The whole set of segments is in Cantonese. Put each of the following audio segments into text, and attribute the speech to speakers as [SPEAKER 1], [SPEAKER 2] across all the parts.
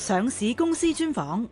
[SPEAKER 1] 上市公司專訪。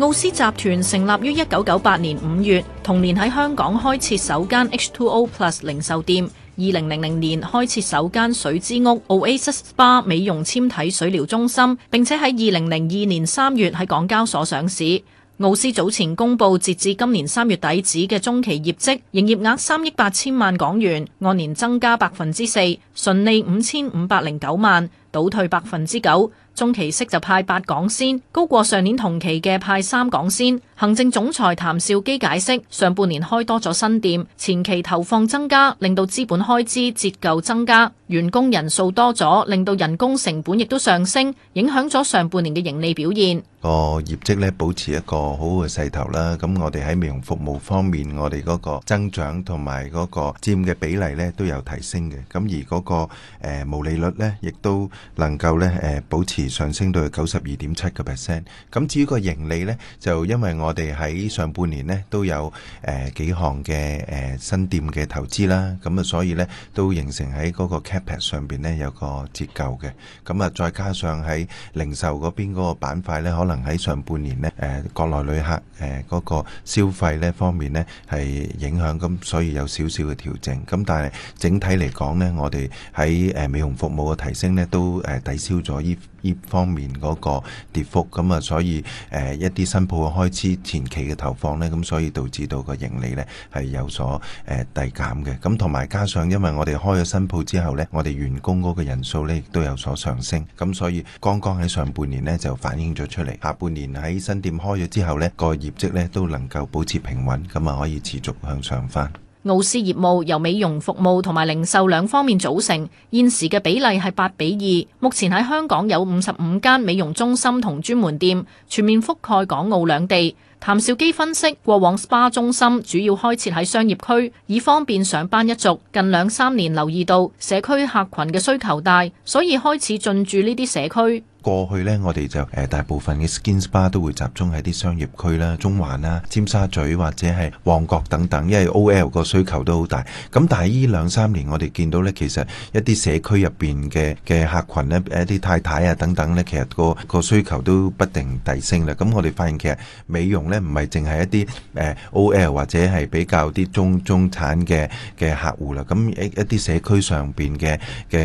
[SPEAKER 1] 奧思集團成立於一九九八年五月，同年喺香港開設首間 H2O Plus 零售店。二零零零年開設首間水之屋 Oasis Spa 美容纖體水療中心，並且喺二零零二年三月喺港交所上市。奧斯早前公布截至今年三月底止嘅中期業績，營業額三億八千萬港元，按年增加百分之四，純利五千五百零九萬，倒退百分之九。中期息就派八港仙，高過上年同期嘅派三港仙。行政總裁譚肇基解釋，上半年開多咗新店，前期投放增加，令到資本開支折舊增加，員工人數多咗，令到人工成本亦都上升，影響咗上半年嘅盈利表現。
[SPEAKER 2] 個業績咧保持一個好好嘅勢頭啦，咁我哋喺美容服務方面，我哋嗰個增長同埋嗰個佔嘅比例咧都有提升嘅，咁而嗰、嗰個、呃、毛利率咧亦都能夠咧誒保持上升到九十二點七個 percent，咁至於個盈利咧就因為我哋喺上半年咧都有誒、呃、幾項嘅誒新店嘅投資啦，咁啊所以咧都形成喺嗰個 capex 上邊咧有個折舊嘅，咁啊再加上喺零售嗰邊嗰個板塊咧可能。喺上半年呢，誒、呃、國內旅客誒嗰、呃嗰個消費呢方面呢係影響。咁所以有少少嘅調整。咁但係整體嚟講呢，我哋喺誒美容服務嘅提升呢都誒抵消咗呢依方面嗰個跌幅。咁啊，所以誒、呃、一啲新鋪嘅開支前期嘅投放呢，咁所以導致到個盈利呢係有所誒遞、呃、減嘅。咁同埋加上因為我哋開咗新鋪之後呢，我哋員工嗰個人數亦都有所上升，咁所以剛剛喺上半年呢就反映咗出嚟。下半年喺新店開咗之後，呢個業績呢都能夠保持平穩，咁啊可以持續向上翻。
[SPEAKER 1] 奧思業務由美容服務同埋零售兩方面組成，現時嘅比例係八比二。目前喺香港有五十五間美容中心同專門店，全面覆蓋港澳兩地。譚肇基分析，過往 SPA 中心主要開設喺商業區，以方便上班一族。近兩三年留意到社區客群嘅需求大，所以開始進駐呢啲社區。
[SPEAKER 2] 過去呢，我哋就誒大部分嘅 skin spa 都會集中喺啲商業區啦、中環啦、尖沙咀或者係旺角等等，因為 OL 個需求都好大。咁但係呢兩三年，我哋見到呢，其實一啲社區入邊嘅嘅客群呢，一啲太太啊等等呢，其實個個需求都不停提升啦。咁我哋發現其實美容呢唔係淨係一啲誒 OL 或者係比較啲中中產嘅嘅客戶啦。咁一啲社區上邊嘅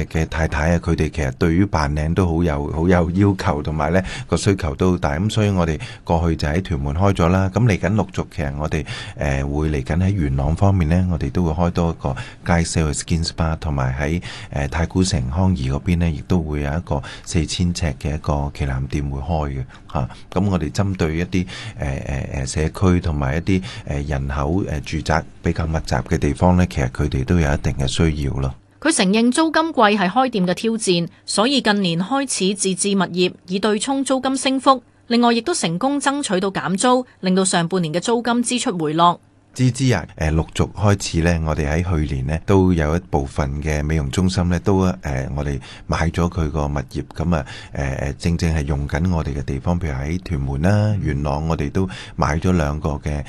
[SPEAKER 2] 嘅太太啊，佢哋其實對於扮靚都好有好有。要求同埋呢個需求都大，咁所以我哋過去就喺屯門開咗啦。咁嚟緊陸續，其實我哋誒、呃、會嚟緊喺元朗方面呢，我哋都會開多一個街市去 Skin Spa，同埋喺誒太古城康怡嗰邊咧，亦都會有一個四千尺嘅一個旗艦店會開嘅嚇。咁、啊、我哋針對一啲誒誒社區同埋一啲誒人口誒住宅比較密集嘅地方呢，其實佢哋都有一定嘅需要咯。
[SPEAKER 1] 佢承認租金貴係開店嘅挑戰，所以近年開始自置物業，以對沖租金升幅。另外，亦都成功爭取到減租，令到上半年嘅租金支出回落。
[SPEAKER 2] 之之啊！誒，陸續開始呢。我哋喺去年呢，都有一部分嘅美容中心呢，都誒，我哋買咗佢個物業，咁啊誒誒，正正係用緊我哋嘅地方，譬如喺屯門啦、元朗，我哋都買咗兩個嘅誒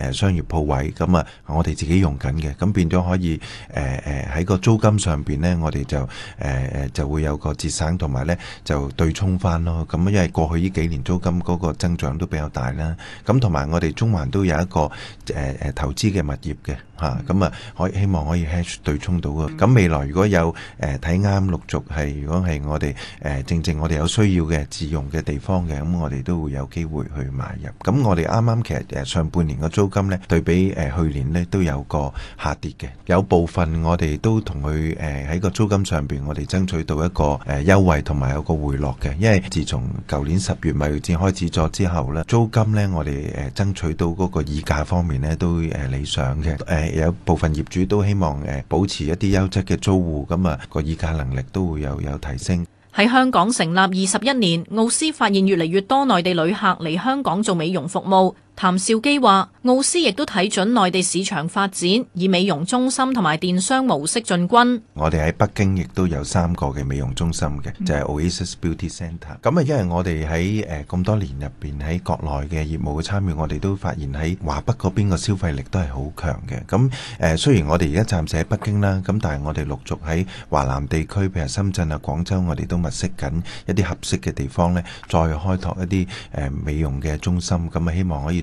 [SPEAKER 2] 誒商業鋪位，咁啊，我哋自己用緊嘅，咁變咗可以誒誒喺個租金上邊呢，我哋就誒誒就會有個節省，同埋呢就對沖返囉。咁因為過去呢幾年租金嗰個增長都比較大啦，咁同埋我哋中環都有一個誒。誒投資嘅物業嘅。嚇，咁啊，可以希望可以 h a 對沖到嘅。咁、啊、未來如果有誒睇啱，呃、陸續係如果係我哋誒、呃、正正我哋有需要嘅自用嘅地方嘅，咁、嗯、我哋都會有機會去買入。咁、嗯、我哋啱啱其實誒、呃、上半年個租金呢，對比誒、呃、去年呢都有個下跌嘅。有部分我哋都同佢誒喺個租金上面，我哋爭取到一個誒、呃、優惠同埋有個回落嘅。因為自從舊年十月咪先開始咗之後呢，租金呢，我哋誒爭取到嗰個議價方面呢，都誒理想嘅誒。有部分業主都希望誒保持一啲優質嘅租戶，咁啊個議價能力都會有有提升。
[SPEAKER 1] 喺香港成立二十一年，奧思發現越嚟越多內地旅客嚟香港做美容服務。譚兆基話：，奧思亦都睇準內地市場發展，以美容中心同埋電商模式進軍。
[SPEAKER 2] 我哋喺北京亦都有三個嘅美容中心嘅，就係、是、Oasis Beauty Center。咁、嗯、啊、嗯，因為我哋喺誒咁多年入邊喺國內嘅業務嘅參與，我哋都發現喺華北嗰邊嘅消費力都係好強嘅。咁、嗯、誒、呃，雖然我哋而家暫時喺北京啦，咁、嗯、但係我哋陸續喺華南地區，譬如深圳啊、廣州，我哋都物色緊一啲合適嘅地方呢再開拓一啲誒、呃、美容嘅中心。咁、嗯、啊，希望可以。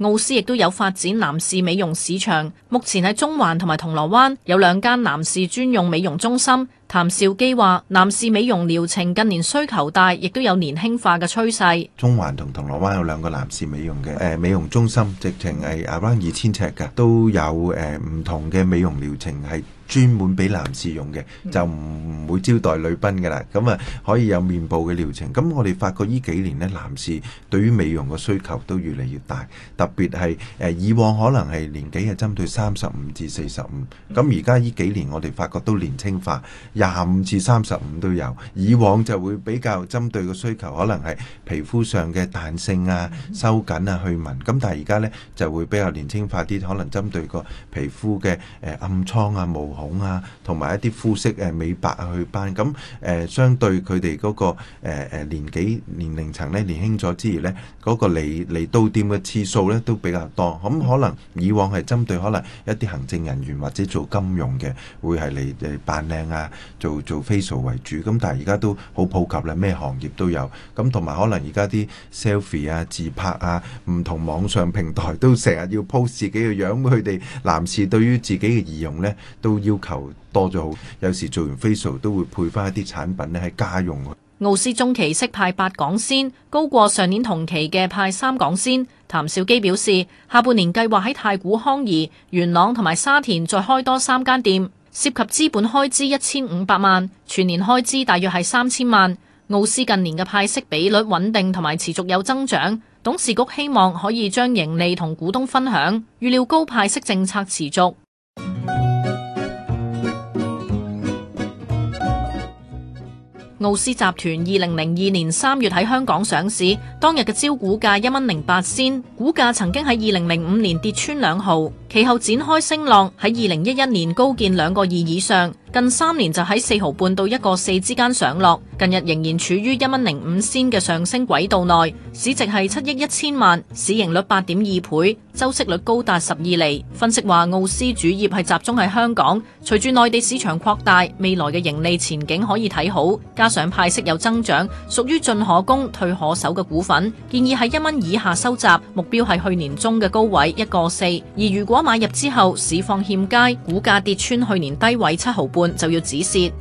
[SPEAKER 1] 奧思亦都有發展男士美容市場，目前喺中環同埋銅鑼灣有兩間男士專用美容中心。譚肇基話，男士美容療程近年需求大，亦都有年輕化嘅趨勢。
[SPEAKER 2] 中環同銅鑼灣有兩個男士美容嘅，誒、呃、美容中心，直情係 around 二千尺噶，都有誒唔、呃、同嘅美容療程係。專門俾男士用嘅，就唔會招待女賓噶啦。咁啊，可以有面部嘅療程。咁我哋發覺呢幾年呢，男士對於美容嘅需求都越嚟越大。特別係誒以往可能係年紀係針對三十五至四十五，咁而家呢幾年我哋發覺都年青化，廿五至三十五都有。以往就會比較針對個需求，可能係皮膚上嘅彈性啊、收緊啊、去紋。咁但係而家呢，就會比較年青化啲，可能針對個皮膚嘅暗瘡啊、毛。啊，同埋一啲膚色誒美白去斑，咁誒、呃、相對佢哋嗰個誒、呃、年紀年齡層咧年輕咗之餘咧，嗰、那個嚟嚟到店嘅次數咧都比較多。咁、嗯、可能以往係針對可能一啲行政人員或者做金融嘅，會係嚟誒扮靚啊，做做 facial 為主。咁、嗯、但係而家都好普及啦，咩行業都有。咁同埋可能而家啲 selfie 啊、自拍啊，唔同網上平台都成日要 post 自己嘅樣，佢哋男士對於自己嘅儀容呢，都要。要求多咗，好，有時做完 facial 都會配翻一啲產品咧，喺家用。
[SPEAKER 1] 奧思中期息派八港仙，高過上年同期嘅派三港仙。譚肇基表示，下半年計劃喺太古康怡、元朗同埋沙田再開多三間店，涉及資本開支一千五百萬，全年開支大約係三千萬。奧思近年嘅派息比率穩定同埋持續有增長，董事局希望可以將盈利同股東分享，預料高派息政策持續。奧思集團二零零二年三月喺香港上市，當日嘅招股價一蚊零八仙，股價曾經喺二零零五年跌穿兩毫，其後展開升浪，喺二零一一年高見兩個億以上。近三年就喺四毫半到一個四之間上落，近日仍然處於一蚊零五仙嘅上升軌道內，市值係七億一千萬，市盈率八點二倍，周息率高達十二厘。分析話，奧思主業係集中喺香港，隨住內地市場擴大，未來嘅盈利前景可以睇好，加上派息有增長，屬於進可攻退可守嘅股份，建議喺一蚊以下收集，目標係去年中嘅高位一個四。而如果買入之後市況欠佳，股價跌穿去年低位七毫半。就要止蝕。